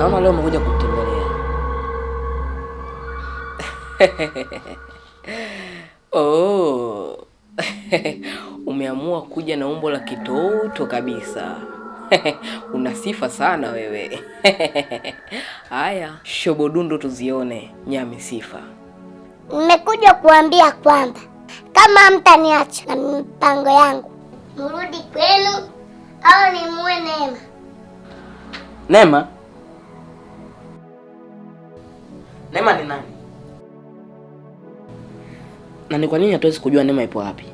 Naona leo umekuja kumtembelea. Oh. Umeamua kuja na umbo la kitoto kabisa. Una sifa sana wewe. Haya, shobodundo tuzione nyami sifa. Nimekuja kuambia kwamba kama mtaniacha na mipango yangu, mrudi kwenu au nimue Neema. Neema? Neema ni nani? Na ni kwa nini hatuwezi kujua Neema ipo wapi?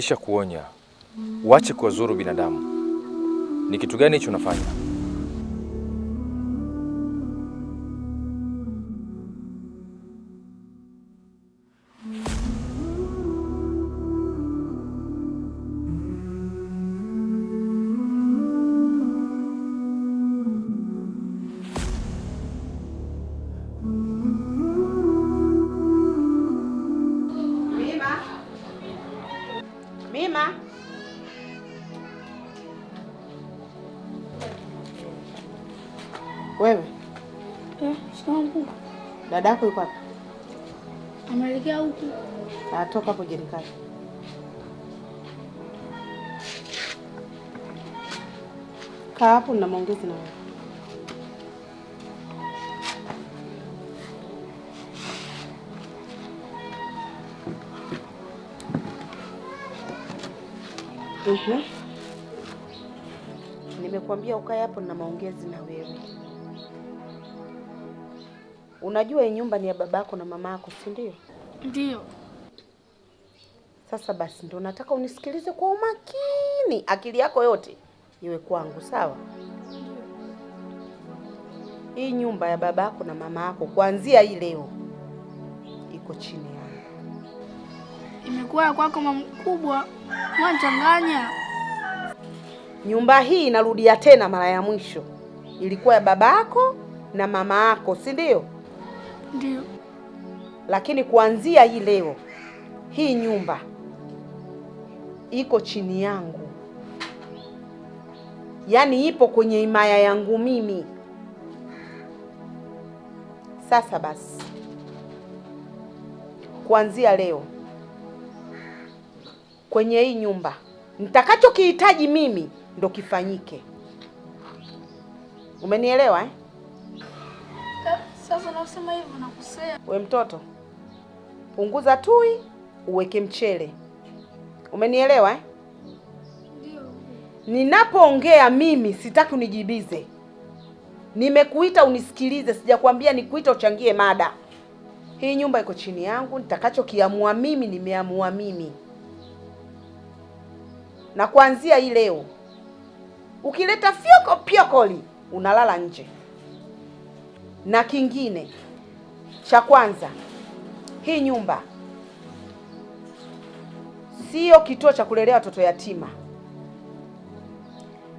kuonya uache kuwazuru binadamu. Ni kitu gani hicho unafanya? Dadako yuko wapi? Ameelekea huku. Atoka hapo jerikani. Kaa hapo na maongezi na wewe. Mhm. Nimekuambia ukae hapo na maongezi na wewe. Unajua hii nyumba ni ya babako na mamako, si ndio? Ndio. Sasa basi ndio nataka unisikilize kwa umakini, akili yako yote iwe kwangu, sawa? Hii nyumba ya babako na mamako kuanzia hii leo iko chini yangu. Imekuwa kwako mama mkubwa, wachanganya. Nyumba hii inarudia tena mara ya mwisho, ilikuwa ya babako na mama yako, si ndio? Ndio. Lakini kuanzia hii leo hii nyumba iko chini yangu, yaani ipo kwenye imaya yangu mimi. Sasa basi, kuanzia leo kwenye hii nyumba nitakachokihitaji mimi ndo kifanyike. Umenielewa eh? Sasa unasema hivyo nakosea. We mtoto, punguza tui uweke mchele, umenielewa eh? Ninapoongea mimi sitaki unijibize. Nimekuita unisikilize, sijakwambia nikuita uchangie mada. Hii nyumba iko chini yangu, nitakachokiamua mimi nimeamua mimi, na kuanzia hii leo ukileta fyoko pyokoli unalala nje. Na kingine cha kwanza, hii nyumba siyo kituo cha kulelea watoto yatima.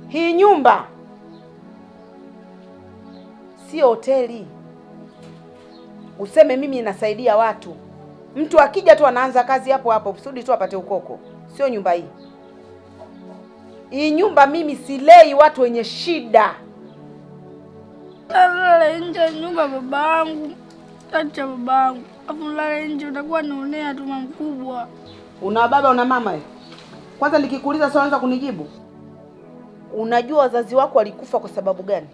Hii nyumba sio hoteli useme mimi nasaidia watu. Mtu akija tu anaanza kazi hapo hapo kusudi tu apate ukoko. Sio nyumba hii. Hii nyumba mimi silei watu wenye shida. Nalala nje ya nyumba babangu, kati cha babangu, afu lala nje, utakuwa naonea tuma mkubwa. Una baba una mama? Eh? Kwanza nikikuuliza swali anza kunijibu. Unajua wazazi wako walikufa kwa sababu gani?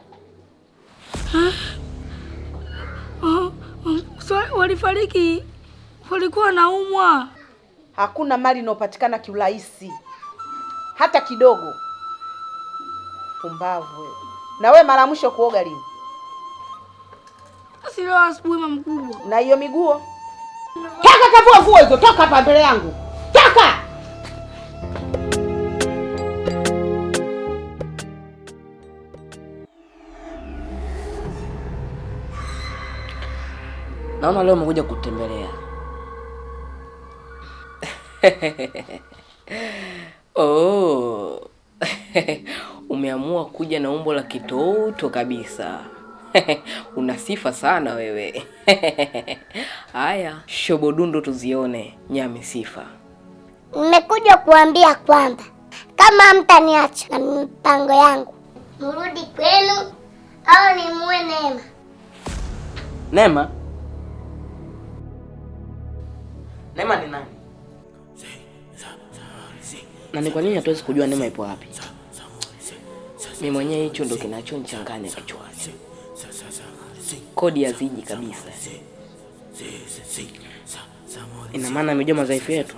Oh, so, walifariki walikuwa wanaumwa. Hakuna mali inayopatikana kiurahisi hata kidogo. Pumbavu wewe! Na wewe mara mwisho kuoga lini? na hiyo miguo. Toka kavua nguo hizo, toka hapa mbele yangu, toka! Naona leo umekuja kutembelea. Oh. Umeamua kuja na umbo la kitoto kabisa. Una sifa sana wewe. Haya, shobodundo tuzione nyami sifa. Nimekuja kuambia kwamba kama mtaniacha na mipango yangu, mrudi kwenu au nimue Neema. Neema? Neema ni nani? Na ni kwa nini hatuwezi kujua Neema ipo wapi? Mimi mwenyewe hicho ndo kinachonichanganya kichwa kodi haziji kabisa. Ina maana amejua madhaifu yetu.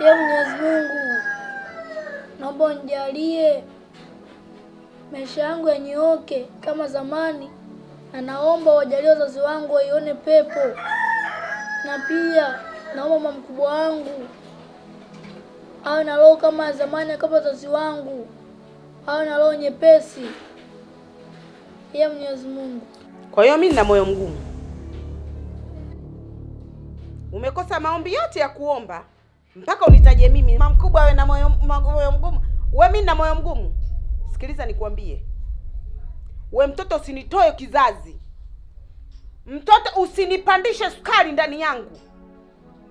Ya Mwenyezi Mungu, naomba unijalie maisha yangu yanyooke kama zamani, na naomba wajalie wazazi wangu waione pepo, na pia naomba mama mkubwa wangu awe na roho kama zamani kama wazazi wangu, awe na roho nyepesi Yeye Mwenyezi Mungu. Kwa hiyo mimi nina moyo mgumu, umekosa maombi yote ya kuomba mpaka unitaje mimi mama mkubwa awe na moyo mgumu? We mimi nina moyo mgumu? Sikiliza nikwambie, we mtoto, usinitoe kizazi, mtoto usinipandishe sukari ndani yangu.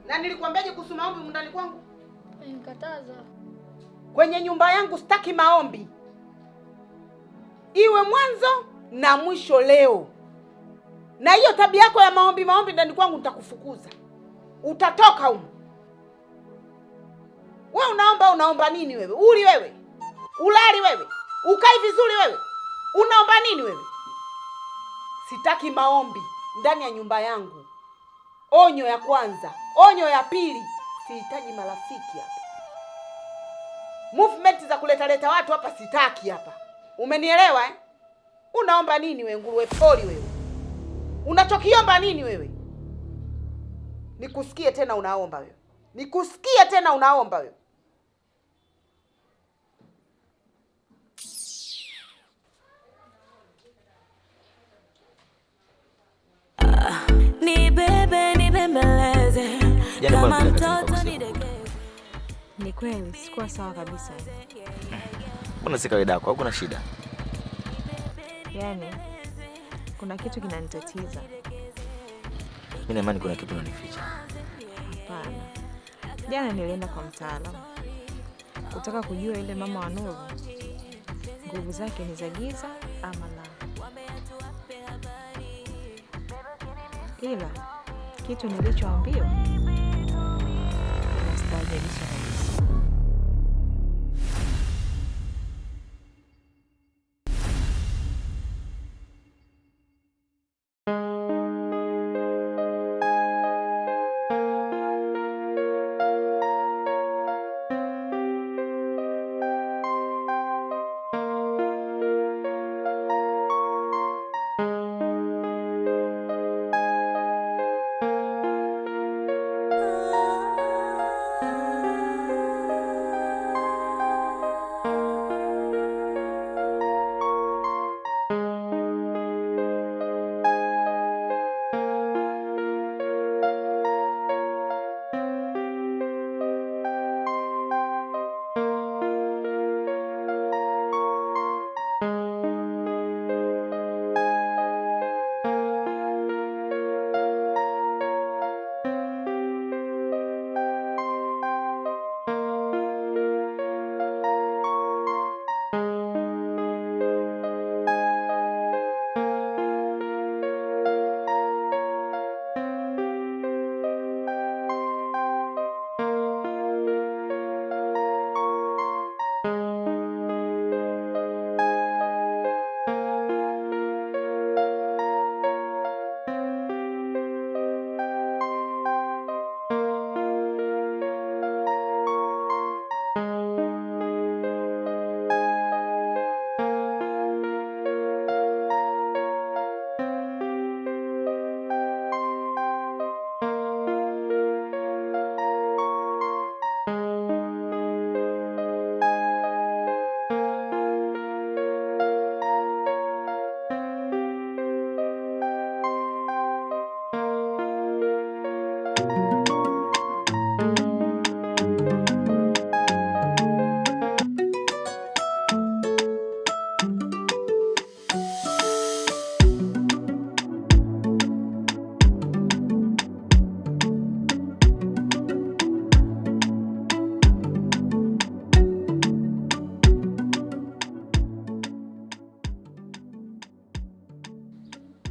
Na nilikwambiaje kuhusu maombi ndani kwangu? Nikataza. Kwenye nyumba yangu sitaki maombi, iwe mwanzo na mwisho leo. Na hiyo tabia yako ya maombi maombi ndani kwangu nitakufukuza, utatoka huko. We unaomba unaomba nini wewe? Uli wewe, ulali wewe, ukai vizuri wewe, unaomba nini wewe? Sitaki maombi ndani ya nyumba yangu. Onyo ya kwanza, onyo ya pili sihitaji marafiki hapa. Movement za kuletaleta watu hapa sitaki hapa, umenielewa eh? Unaomba nini wewe, nguruwe poli wewe? Unachokiomba nini wewe? Nikusikie tena unaomba wewe, nikusikie tena unaomba wewe. Nibebe, nibembeleze Yaani kama mtoto ni dege. Ni kweli sikuwa sawa kabisa. Mbona si kawaida yako kuna shida? yani kuna kitu kinanitatiza. Mimi imani kuna kitu unanificha. Hapana. Jana nilienda kwa mtaalamu kutaka kujua ile mama wa Nuru nguvu zake ni za giza ama la, ila kitu nilichoambiwa deles, né?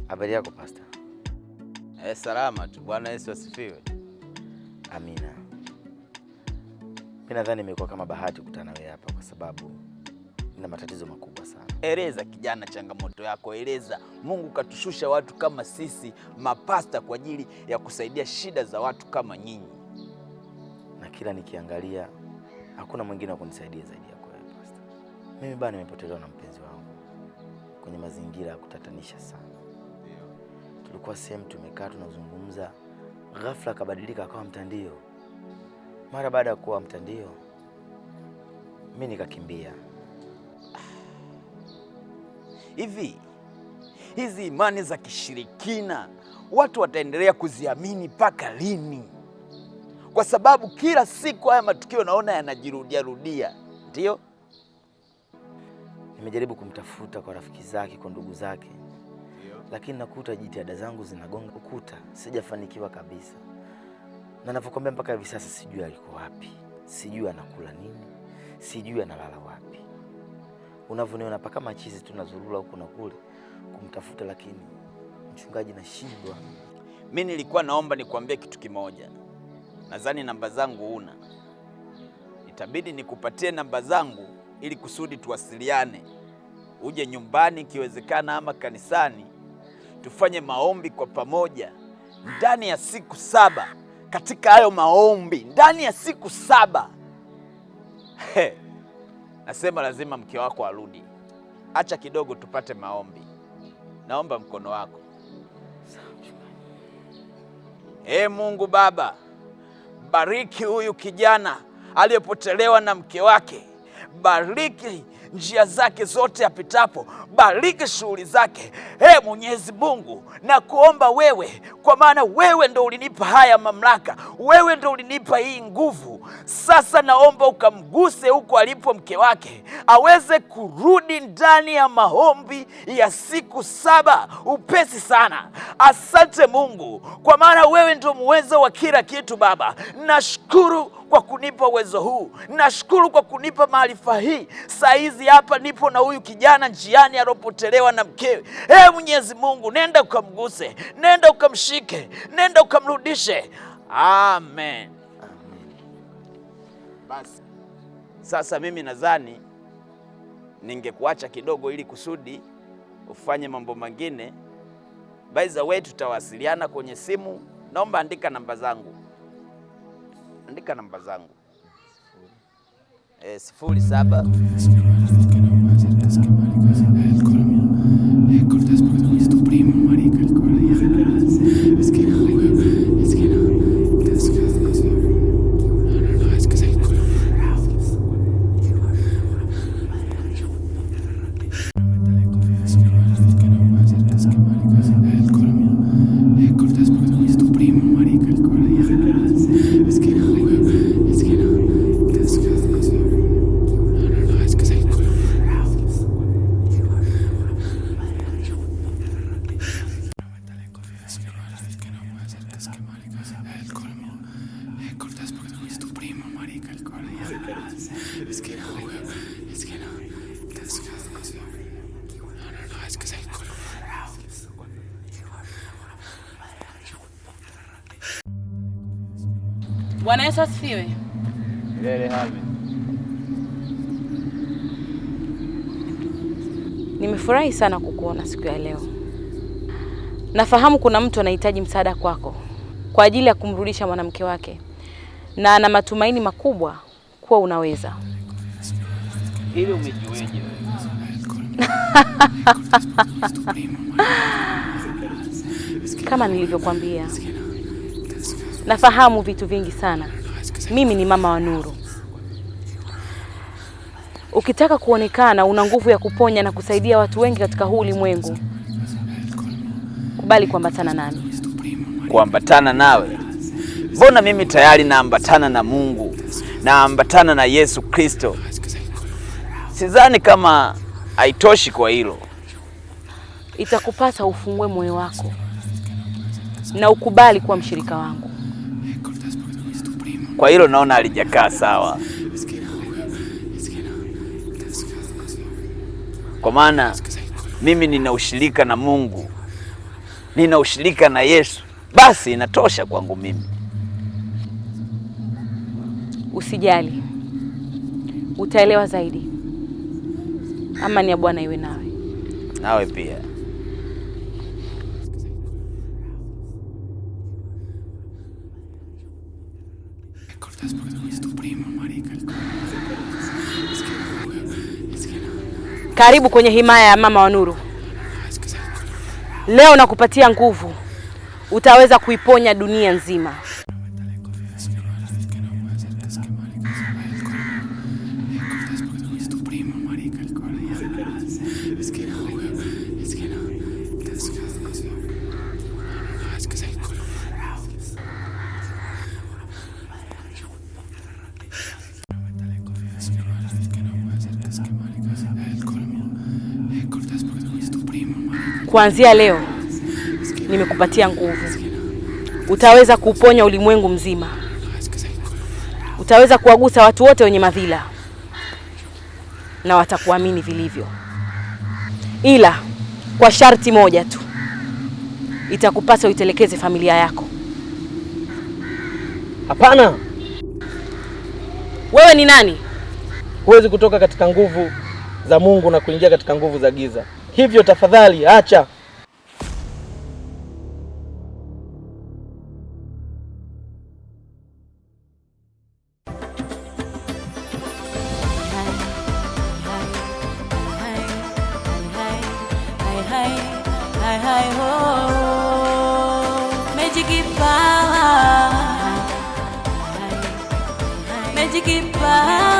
Habari yako pasta? Eh, salama tu. Bwana Yesu asifiwe. Amina. Mimi nadhani imekuwa kama bahati kukutana wewe hapa kwa sababu nina matatizo makubwa sana. Eleza kijana, changamoto yako eleza. Mungu katushusha watu kama sisi mapasta kwa ajili ya kusaidia shida za watu kama nyinyi, na kila nikiangalia hakuna mwingine wa kunisaidia zaidi yako wewe pasta. Mimi bana, nimepotelewa na mpenzi wangu kwenye mazingira ya kutatanisha sana tulikuwa sehemu tumekaa tunazungumza, ghafla akabadilika akawa mtandio. Mara baada ya kuwa mtandio, mi nikakimbia. Hivi hizi imani za kishirikina watu wataendelea kuziamini mpaka lini? Kwa sababu kila siku haya matukio naona yanajirudiarudia. Ndiyo, nimejaribu kumtafuta kwa rafiki zake, kwa ndugu zake lakini nakuta jitihada zangu zinagonga ukuta, sijafanikiwa kabisa, na navyokwambia mpaka hivi sasa sijui aliko wapi, sijui anakula nini, sijui analala wapi. Unavyoniona mpaka machizi nazurura huku na kule kumtafuta, lakini mchungaji, nashindwa. Mi nilikuwa naomba nikuambie kitu kimoja, nadhani namba zangu una, itabidi nikupatie namba zangu ili kusudi tuwasiliane, uje nyumbani ikiwezekana, ama kanisani tufanye maombi kwa pamoja ndani ya siku saba. Katika hayo maombi ndani ya siku saba He. Nasema lazima mke wako arudi. Acha kidogo tupate maombi. Naomba mkono wako. Ee Mungu Baba, bariki huyu kijana aliyepotelewa na mke wake, bariki njia zake zote apitapo, bariki shughuli zake. e Mwenyezi Mungu, na kuomba wewe, kwa maana wewe ndo ulinipa haya mamlaka, wewe ndo ulinipa hii nguvu. Sasa naomba ukamguse huko alipo mke wake, aweze kurudi ndani ya maombi ya siku saba upesi sana. Asante Mungu, kwa maana wewe ndo muwezo wa kila kitu. Baba, nashukuru kwa kunipa uwezo huu, nashukuru kwa kunipa maarifa hii. Saa hizi hapa nipo na huyu kijana njiani fulani alopotelewa na mkewe. Ee Mwenyezi Mungu, nenda ukamguse, nenda ukamshike, nenda ukamrudishe. Amen, amen. Basi sasa mimi nadhani ningekuacha kidogo ili kusudi ufanye mambo mengine. By the way, tutawasiliana kwenye simu. Naomba andika namba zangu, andika namba zangu. E, sifuri saba primo, marica, el colegio. Amen. Nimefurahi sana kukuona siku ya leo. Nafahamu kuna mtu anahitaji msaada kwako kwa ajili ya kumrudisha mwanamke wake na ana matumaini makubwa kuwa unaweza. Hilo umejiweje? Kama nilivyokuambia nafahamu vitu vingi sana. Mimi ni mama wa Nuru. Ukitaka kuonekana una nguvu ya kuponya na kusaidia watu wengi katika huu ulimwengu, kubali kuambatana nami. Kuambatana nawe? Mbona mimi tayari naambatana na Mungu, naambatana na Yesu Kristo. Sidhani kama haitoshi kwa hilo. Itakupasa ufungue moyo wako na ukubali kuwa mshirika wangu. Kwa hilo naona alijakaa sawa. kwa maana mimi nina ushirika na Mungu, nina ushirika na Yesu, basi inatosha kwangu mimi. Usijali, utaelewa zaidi. Amani ya Bwana iwe nawe, nawe pia. Karibu kwenye himaya ya Mama wa Nuru. Leo nakupatia nguvu, utaweza kuiponya dunia nzima. Kuanzia leo nimekupatia nguvu, utaweza kuuponya ulimwengu mzima, utaweza kuwagusa watu wote wenye madhila na watakuamini vilivyo, ila kwa sharti moja tu, itakupasa uitelekeze familia yako. Hapana! Wewe ni nani? Huwezi kutoka katika nguvu za Mungu na kuingia katika nguvu za giza hivyo tafadhali acha. Magic Power